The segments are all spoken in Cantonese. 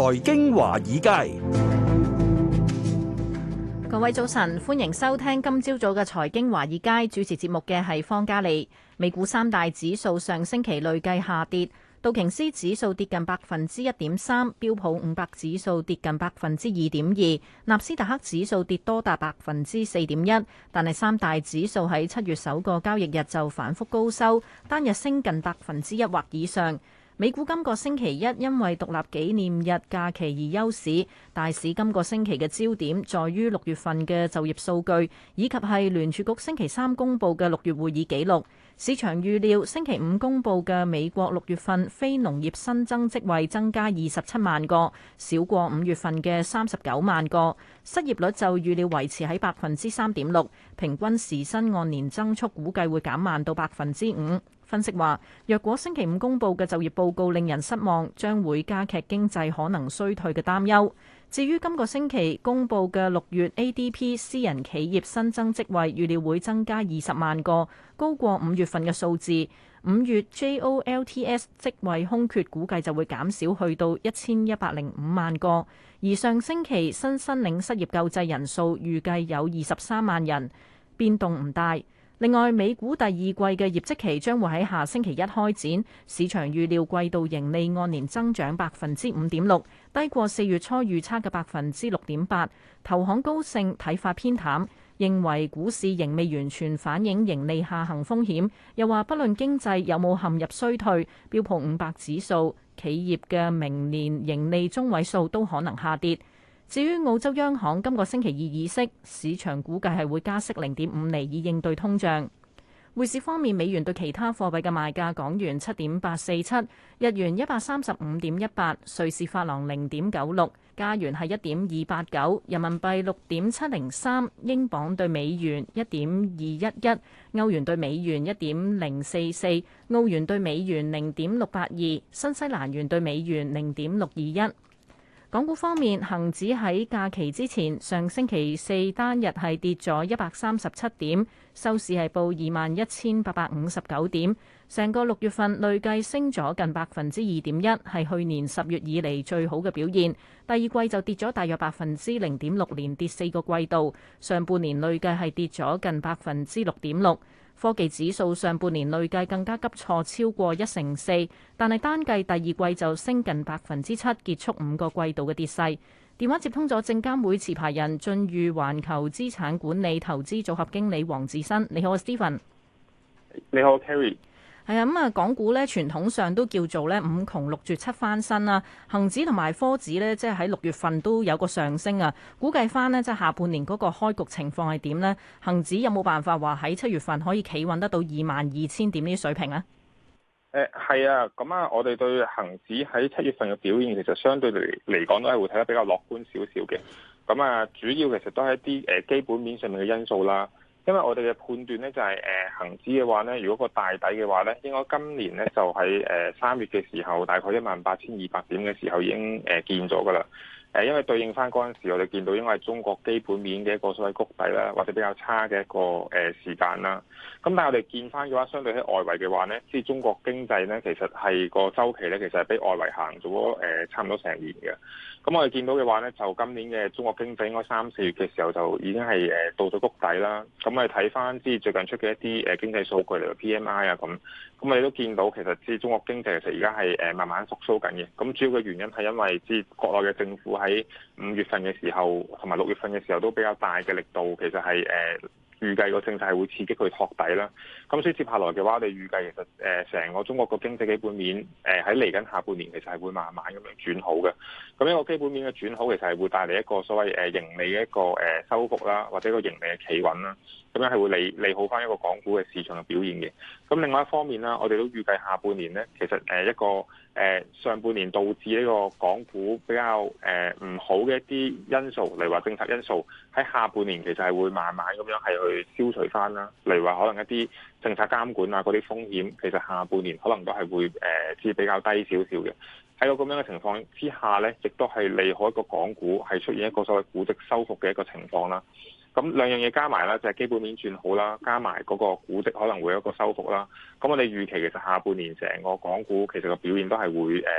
財經華爾街，各位早晨，歡迎收聽今朝早嘅財經華爾街，主持節目嘅係方嘉利。美股三大指數上星期累計下跌，道瓊斯指數跌近百分之一點三，標普五百指數跌近百分之二點二，納斯達克指數跌多達百分之四點一。但係三大指數喺七月首個交易日就反覆高收，單日升近百分之一或以上。美股今個星期一因為獨立紀念日假期而休市，大市今個星期嘅焦點在於六月份嘅就業數據，以及係聯儲局星期三公佈嘅六月會議記錄。市場預料星期五公佈嘅美國六月份非農業新增職位增加二十七萬個，少過五月份嘅三十九萬個。失業率就預料維持喺百分之三點六，平均時薪按年增速估計會減慢到百分之五。分析話，若果星期五公佈嘅就業報告令人失望，將會加劇經濟可能衰退嘅擔憂。至於今個星期公佈嘅六月 ADP 私人企業新增職位預料會增加二十萬個，高過五月份嘅數字。五月 JOLTS 職位空缺估計就會減少去到一千一百零五萬個，而上星期新申領失業救濟人數預計有二十三萬人，變動唔大。另外，美股第二季嘅業績期將會喺下星期一開展，市場預料季度盈利按年增長百分之五點六，低過四月初預測嘅百分之六點八。投行高盛睇法偏淡，認為股市仍未完全反映盈利下行風險，又話不論經濟有冇陷入衰退，標普五百指數企業嘅明年盈利中位數都可能下跌。至於澳洲央行今個星期二議息，市場估計係會加息零點五厘以應對通脹。匯市方面，美元對其他貨幣嘅賣價：港元七點八四七，日元一百三十五點一八，瑞士法郎零點九六，加元係一點二八九，人民幣六點七零三，英鎊對美元一點二一一，歐元對美元一點零四四，澳元對美元零點六八二，新西蘭元對美元零點六二一。港股方面，恒指喺假期之前上星期四單日係跌咗一百三十七點，收市係報二萬一千八百五十九點，成個六月份累計升咗近百分之二點一，係去年十月以嚟最好嘅表現，第二季就跌咗大約百分之零點六，連跌四個季度。上半年累計係跌咗近百分之六點六。科技指數上半年累計更加急挫超過一成四，但係單計第二季就升近百分之七，結束五個季度嘅跌勢。電話接通咗證監會持牌人晉裕環球資產管理投資組合經理黃志新。你好，我係 Stephen。你好，Harry。係啊，咁啊，港股咧傳統上都叫做咧五窮六絕七翻身啦、啊。恒指同埋科指咧，即係喺六月份都有個上升啊。估計返咧，即係下半年嗰個開局情況係點咧？恒指有冇辦法話喺七月份可以企穩得到二萬二千點呢啲水平咧？誒，係啊，咁、欸、啊，我哋對恒指喺七月份嘅表現其實相對嚟嚟講都係會睇得比較樂觀少少嘅。咁啊，主要其實都係一啲誒基本面上面嘅因素啦。因為我哋嘅判斷咧、就是，就係誒恆指嘅話咧，如果個大底嘅話咧，應該今年咧就喺誒三月嘅時候，大概一萬八千二百點嘅時候已經誒、呃、見咗噶啦。誒，因為對應翻嗰陣時，我哋見到因為中國基本面嘅一個所謂谷底啦，或者比較差嘅一個誒時間啦。咁但係我哋見翻嘅話，相對喺外圍嘅話咧，即係中國經濟咧，其實係個周期咧，其實係比外圍行咗誒差唔多成年嘅。咁我哋見到嘅話咧，就今年嘅中國經濟應該三四月嘅時候就已經係誒到咗谷底啦。咁我哋睇翻即係最近出嘅一啲誒經濟數據嚟到 PMI 啊咁。咁你都見到，其實之中國經濟其實而家係誒慢慢復甦緊嘅。咁主要嘅原因係因為之國內嘅政府喺五月份嘅時候同埋六月份嘅時候都比較大嘅力度，其實係誒。預計個政策係會刺激佢托底啦，咁所以接下來嘅話，我哋預計其實誒成個中國個經濟基本面誒喺嚟緊下半年其實係會慢慢咁樣轉好嘅。咁一個基本面嘅轉好，其實係會帶嚟一個所謂誒盈利嘅一個誒收復啦，或者個盈利嘅企穩啦，咁樣係會利利好翻一個港股嘅市場嘅表現嘅。咁另外一方面啦，我哋都預計下半年咧，其實誒一個誒上半年導致呢個港股比較誒唔好嘅一啲因素嚟話政策因素喺下半年其實係會慢慢咁樣係去消除翻啦，例如話可能一啲政策監管啊，嗰啲風險，其實下半年可能都係會誒、呃、至比較低少少嘅。喺個咁樣嘅情況之下呢，亦都係利好一個港股係出現一個所謂估值收復嘅一個情況啦。咁兩樣嘢，加埋啦，就係、是、基本面轉好啦，加埋嗰個估值可能會有一個收復啦。咁我哋預期其實下半年成個港股其實個表現都係會誒、呃、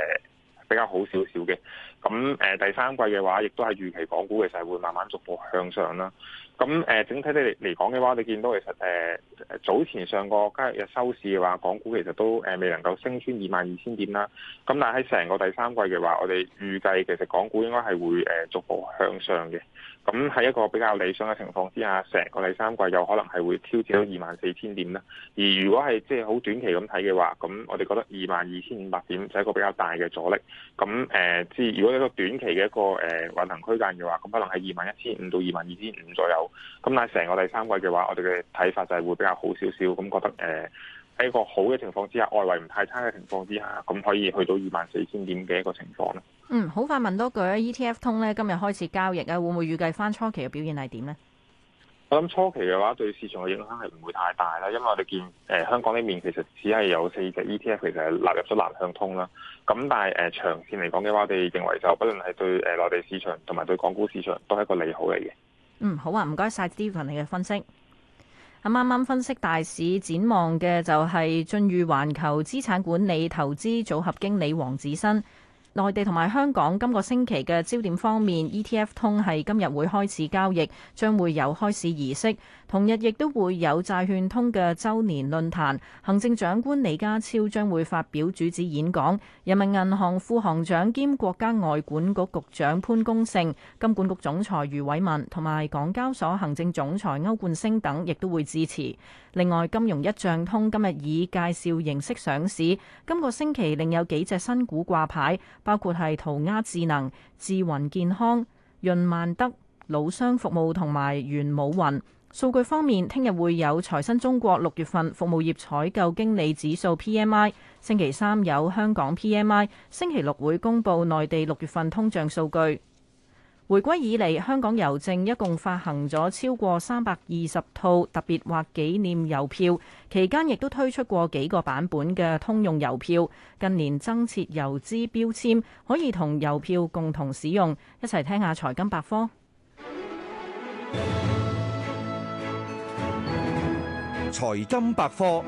比較好少少嘅。咁誒、呃、第三季嘅話，亦都係預期港股其實會慢慢逐步向上啦。咁誒，整體咧嚟講嘅話，你見到其實誒早前上個交易日收市嘅話，港股其實都誒未能夠升穿二萬二千點啦。咁但係喺成個第三季嘅話，我哋預計其實港股應該係會誒逐步向上嘅。咁喺一個比較理想嘅情況之下，成個第三季有可能係會挑戰到二萬四千點啦。而如果係即係好短期咁睇嘅話，咁我哋覺得二萬二千五百點就係一個比較大嘅阻力。咁誒，即係如果一個短期嘅一個誒運行區間嘅話，咁可能係二萬一千五到二萬二千五左右。咁但係成個第三季嘅話，我哋嘅睇法就係會比較好少少。咁覺得誒喺、呃、一個好嘅情況之下，外圍唔太差嘅情況之下，咁可以去到二萬四千點嘅一個情況咧。嗯，好快問多句啊！E T F 通咧今日開始交易啊，會唔會預計翻初期嘅表現係點呢？我諗初期嘅話，對市場嘅影響係唔會太大啦，因為我哋見誒、呃、香港呢面其實只係有四隻 E T F，其實係納入咗南向通啦。咁但係誒、呃、長線嚟講嘅話，我哋認為就不論係對誒內地市場同埋對港股市場都係一個利好嚟嘅。嗯，好啊，唔該曬啲朋你嘅分析。啱啱分析大市展望嘅就係駿譽環球資產管理投資組合經理黃子新。內地同埋香港今個星期嘅焦點方面，ETF 通係今日會開始交易，將會有開市儀式。同日亦都會有債券通嘅周年論壇，行政長官李家超將會發表主旨演講。人民銀行副行長兼國家外管局局長潘功勝、金管局總裁余偉文同埋港交所行政總裁歐冠升等亦都會致辭。另外，金融壹賬通今日以介紹形式上市。今個星期另有幾隻新股掛牌。包括係塗鴉智能、智雲健康、潤萬德、魯商服務同埋玄武雲。數據方面，聽日會有財新中國六月份服務業採購經理指數 PMI，星期三有香港 PMI，星期六會公布內地六月份通脹數據。回歸以嚟，香港郵政一共發行咗超過三百二十套特別或紀念郵票，期間亦都推出過幾個版本嘅通用郵票。近年增設郵資標籤，可以同郵票共同使用。一齊聽下《財金百科》。財金百科，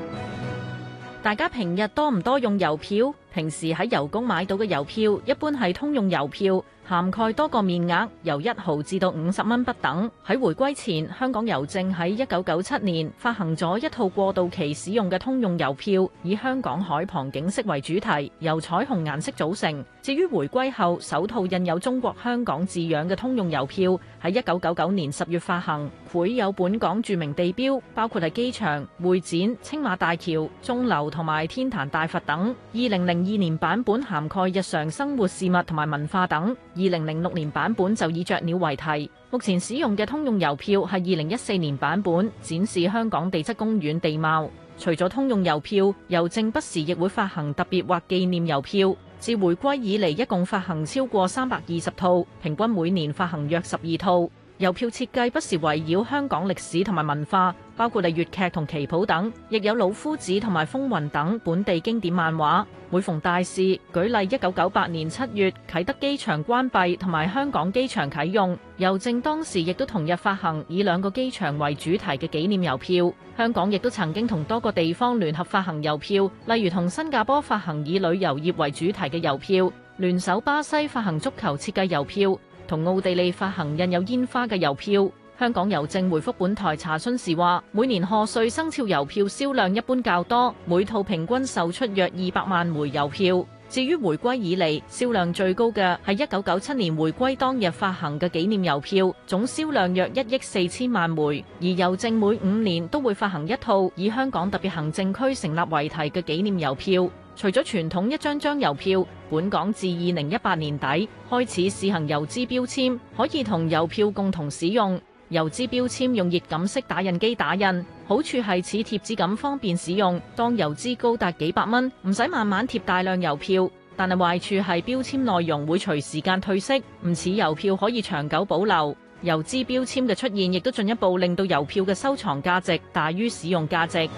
大家平日多唔多用郵票？平時喺郵局買到嘅郵票一般係通用郵票，涵蓋多個面額，由一毫至到五十蚊不等。喺回歸前，香港郵政喺一九九七年發行咗一套過渡期使用嘅通用郵票，以香港海旁景色為主題，由彩虹顏色組成。至於回歸後首套印有中國香港字樣嘅通用郵票，喺一九九九年十月發行，繪有本港著名地標，包括係機場、會展、青馬大橋、鐘樓同埋天壇大佛等。二零零二年版本涵蓋日常生活事物同埋文化等，二零零六年版本就以雀鳥為題。目前使用嘅通用郵票係二零一四年版本，展示香港地質公園地貌。除咗通用郵票，郵政不時亦會發行特別或紀念郵票。自回歸以嚟，一共發行超過三百二十套，平均每年發行約十二套。郵票設計不時圍繞香港歷史同埋文化。包括嚟粵劇同旗袍等，亦有老夫子同埋《風雲》等本地經典漫畫。每逢大事，舉例一九九八年七月啟德機場關閉同埋香港機場啟用，郵政當時亦都同日發行以兩個機場為主題嘅紀念郵票。香港亦都曾經同多個地方聯合發行郵票，例如同新加坡發行以旅遊業為主題嘅郵票，聯手巴西發行足球設計郵票，同奧地利發行印有煙花嘅郵票。香港郵政回覆本台查詢時話：每年賀歲生肖郵票銷量一般較多，每套平均售出約二百萬枚郵票。至於回歸以嚟銷量最高嘅係一九九七年回歸當日發行嘅紀念郵票，總銷量約一億四千萬枚。而郵政每五年都會發行一套以香港特別行政區成立為題嘅紀念郵票。除咗傳統一張張郵票，本港自二零一八年底開始試行郵資標籤，可以同郵票共同使用。郵資標籤用熱感式打印機打印，好處係似貼紙咁方便使用。當郵資高達幾百蚊，唔使慢慢貼大量郵票。但係壞處係標籤內容會隨時間褪色，唔似郵票可以長久保留。郵資標籤嘅出現，亦都進一步令到郵票嘅收藏價值大於使用價值。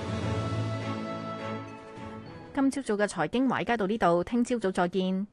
今朝早嘅財經華爾街到呢度，聽朝早再見。